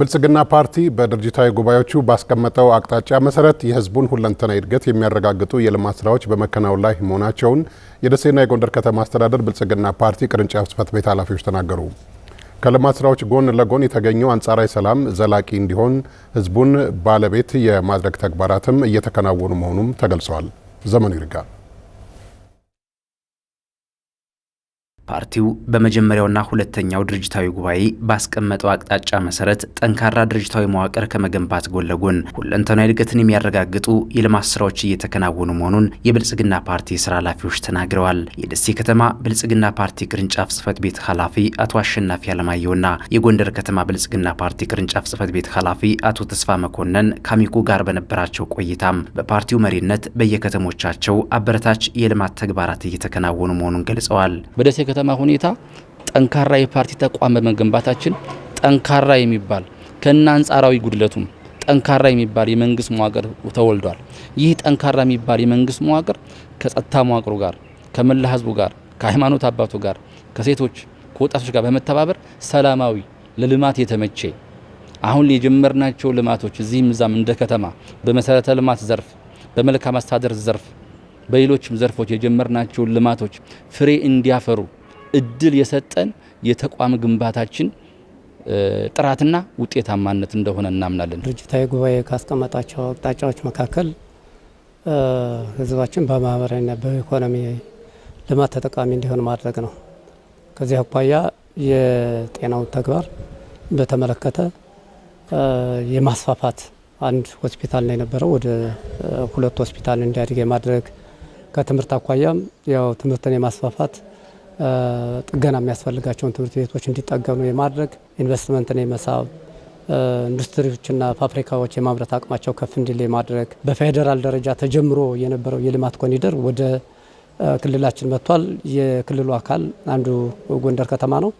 ብልጽግና ፓርቲ በድርጅታዊ ጉባኤዎቹ ባስቀመጠው አቅጣጫ መሰረት የህዝቡን ሁለንተና እድገት የሚያረጋግጡ የልማት ስራዎች በመከናወን ላይ መሆናቸውን የደሴና የጎንደር ከተማ አስተዳደር ብልጽግና ፓርቲ ቅርንጫፍ ጽሕፈት ቤት ኃላፊዎች ተናገሩ። ከልማት ስራዎች ጎን ለጎን የተገኘው አንጻራዊ ሰላም ዘላቂ እንዲሆን ህዝቡን ባለቤት የማድረግ ተግባራትም እየተከናወኑ መሆኑም ተገልጸዋል። ዘመኑ ይርጋል። ፓርቲው በመጀመሪያውና ሁለተኛው ድርጅታዊ ጉባኤ ባስቀመጠው አቅጣጫ መሰረት ጠንካራ ድርጅታዊ መዋቅር ከመገንባት ጎን ለጎን ሁለንተናዊ እድገትን የሚያረጋግጡ የልማት ስራዎች እየተከናወኑ መሆኑን የብልጽግና ፓርቲ ስራ ኃላፊዎች ተናግረዋል። የደሴ ከተማ ብልጽግና ፓርቲ ቅርንጫፍ ጽህፈት ቤት ኃላፊ አቶ አሸናፊ አለማየሁና የጎንደር ከተማ ብልጽግና ፓርቲ ቅርንጫፍ ጽህፈት ቤት ኃላፊ አቶ ተስፋ መኮንን ከአሚኮ ጋር በነበራቸው ቆይታም በፓርቲው መሪነት በየከተሞቻቸው አበረታች የልማት ተግባራት እየተከናወኑ መሆኑን ገልጸዋል። ከተማ ሁኔታ ጠንካራ የፓርቲ ተቋም በመገንባታችን ጠንካራ የሚባል ከና አንጻራዊ ጉድለቱም ጠንካራ የሚባል የመንግስት መዋቅር ተወልዷል። ይህ ጠንካራ የሚባል የመንግስት መዋቅር ከጸጥታ መዋቅሩ ጋር፣ ከመላ ህዝቡ ጋር፣ ከሃይማኖት አባቱ ጋር፣ ከሴቶች ከወጣቶች ጋር በመተባበር ሰላማዊ ለልማት የተመቼ አሁን የጀመርናቸው ልማቶች እዚህም እዛም እንደ ከተማ በመሰረተ ልማት ዘርፍ፣ በመልካም አስተዳደር ዘርፍ፣ በሌሎችም ዘርፎች የጀመርናቸው ልማቶች ፍሬ እንዲያፈሩ እድል የሰጠን የተቋም ግንባታችን ጥራትና ውጤታማነት እንደሆነ እናምናለን። ድርጅታዊ ጉባኤ ካስቀመጣቸው አቅጣጫዎች መካከል ህዝባችን በማህበራዊና በኢኮኖሚ ልማት ተጠቃሚ እንዲሆን ማድረግ ነው። ከዚህ አኳያ የጤናው ተግባር በተመለከተ የማስፋፋት አንድ ሆስፒታል ነው የነበረው ወደ ሁለት ሆስፒታል እንዲያድግ የማድረግ ከትምህርት አኳያም ያው ትምህርትን የማስፋፋት ጥገና የሚያስፈልጋቸውን ትምህርት ቤቶች እንዲጠገኑ የማድረግ ኢንቨስትመንትን የመሳብ ኢንዱስትሪዎችና ፋብሪካዎች የማምረት አቅማቸው ከፍ እንዲል የማድረግ በፌዴራል ደረጃ ተጀምሮ የነበረው የልማት ኮኒደር ወደ ክልላችን መጥቷል። የክልሉ አካል አንዱ ጎንደር ከተማ ነው።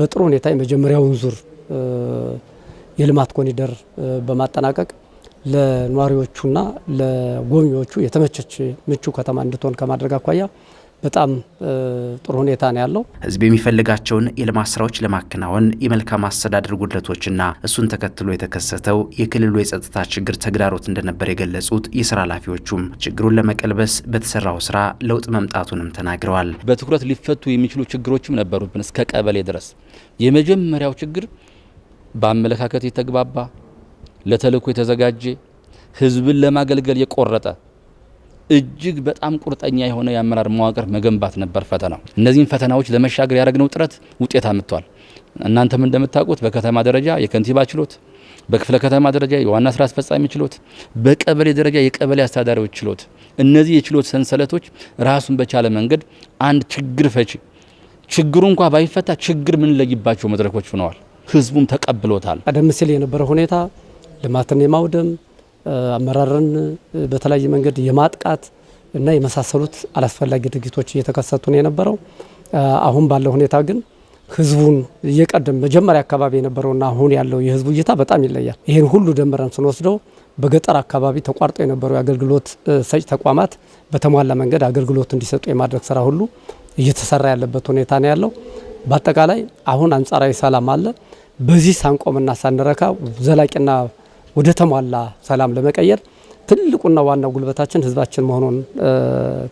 በጥሩ ሁኔታ የመጀመሪያውን ዙር የልማት ኮኒደር በማጠናቀቅ ለነዋሪዎቹና ለጎብኚዎቹ የተመቸች ምቹ ከተማ እንድትሆን ከማድረግ አኳያ በጣም ጥሩ ሁኔታ ነው ያለው። ህዝብ የሚፈልጋቸውን የልማት ስራዎች ለማከናወን የመልካም አስተዳደር ጉድለቶችና እሱን ተከትሎ የተከሰተው የክልሉ የጸጥታ ችግር ተግዳሮት እንደነበር የገለጹት የስራ ኃላፊዎቹም ችግሩን ለመቀልበስ በተሰራው ስራ ለውጥ መምጣቱንም ተናግረዋል። በትኩረት ሊፈቱ የሚችሉ ችግሮችም ነበሩብን እስከ ቀበሌ ድረስ። የመጀመሪያው ችግር በአመለካከት የተግባባ ለተልዕኮ የተዘጋጀ ህዝብን ለማገልገል የቆረጠ እጅግ በጣም ቁርጠኛ የሆነ የአመራር መዋቅር መገንባት ነበር ፈተናው። እነዚህን ፈተናዎች ለመሻገር ያደረግነው ጥረት ውጤት አምጥቷል። እናንተም እንደምታውቁት በከተማ ደረጃ የከንቲባ ችሎት፣ በክፍለ ከተማ ደረጃ የዋና ስራ አስፈጻሚ ችሎት፣ በቀበሌ ደረጃ የቀበሌ አስተዳዳሪዎች ችሎት፣ እነዚህ የችሎት ሰንሰለቶች ራሱን በቻለ መንገድ አንድ ችግር ፈች ችግሩ እንኳ ባይፈታ ችግር ምንለይባቸው መድረኮች ሆነዋል። ህዝቡም ተቀብሎታል። ቀደም ሲል የነበረ ሁኔታ ልማትን የማውደም አመራርን በተለያየ መንገድ የማጥቃት እና የመሳሰሉት አላስፈላጊ ድርጊቶች እየተከሰቱ ነው የነበረው። አሁን ባለው ሁኔታ ግን ህዝቡን እየቀደም መጀመሪያ አካባቢ የነበረውና አሁን ያለው የህዝቡ እይታ በጣም ይለያል። ይህን ሁሉ ደምረን ስንወስደው በገጠር አካባቢ ተቋርጦ የነበሩ የአገልግሎት ሰጭ ተቋማት በተሟላ መንገድ አገልግሎት እንዲሰጡ የማድረግ ስራ ሁሉ እየተሰራ ያለበት ሁኔታ ነው ያለው። በአጠቃላይ አሁን አንጻራዊ ሰላም አለ። በዚህ ሳንቆምና ሳንረካ ዘላቂና ወደ ተሟላ ሰላም ለመቀየር ትልቁና ዋናው ጉልበታችን ህዝባችን መሆኑን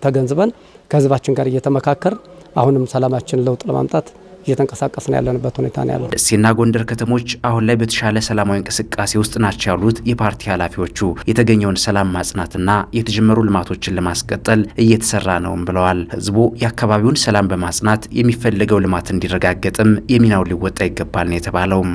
ተገንዝበን ከህዝባችን ጋር እየተመካከር አሁንም ሰላማችን ለውጥ ለማምጣት እየተንቀሳቀስን ያለንበት ሁኔታ ነው ያለው። ደሴና ጎንደር ከተሞች አሁን ላይ በተሻለ ሰላማዊ እንቅስቃሴ ውስጥ ናቸው ያሉት የፓርቲ ኃላፊዎቹ የተገኘውን ሰላም ማጽናትና የተጀመሩ ልማቶችን ለማስቀጠል እየተሰራ ነውም ብለዋል። ህዝቡ የአካባቢውን ሰላም በማጽናት የሚፈለገው ልማት እንዲረጋገጥም የሚናው ሊወጣ ይገባል ነው የተባለውም።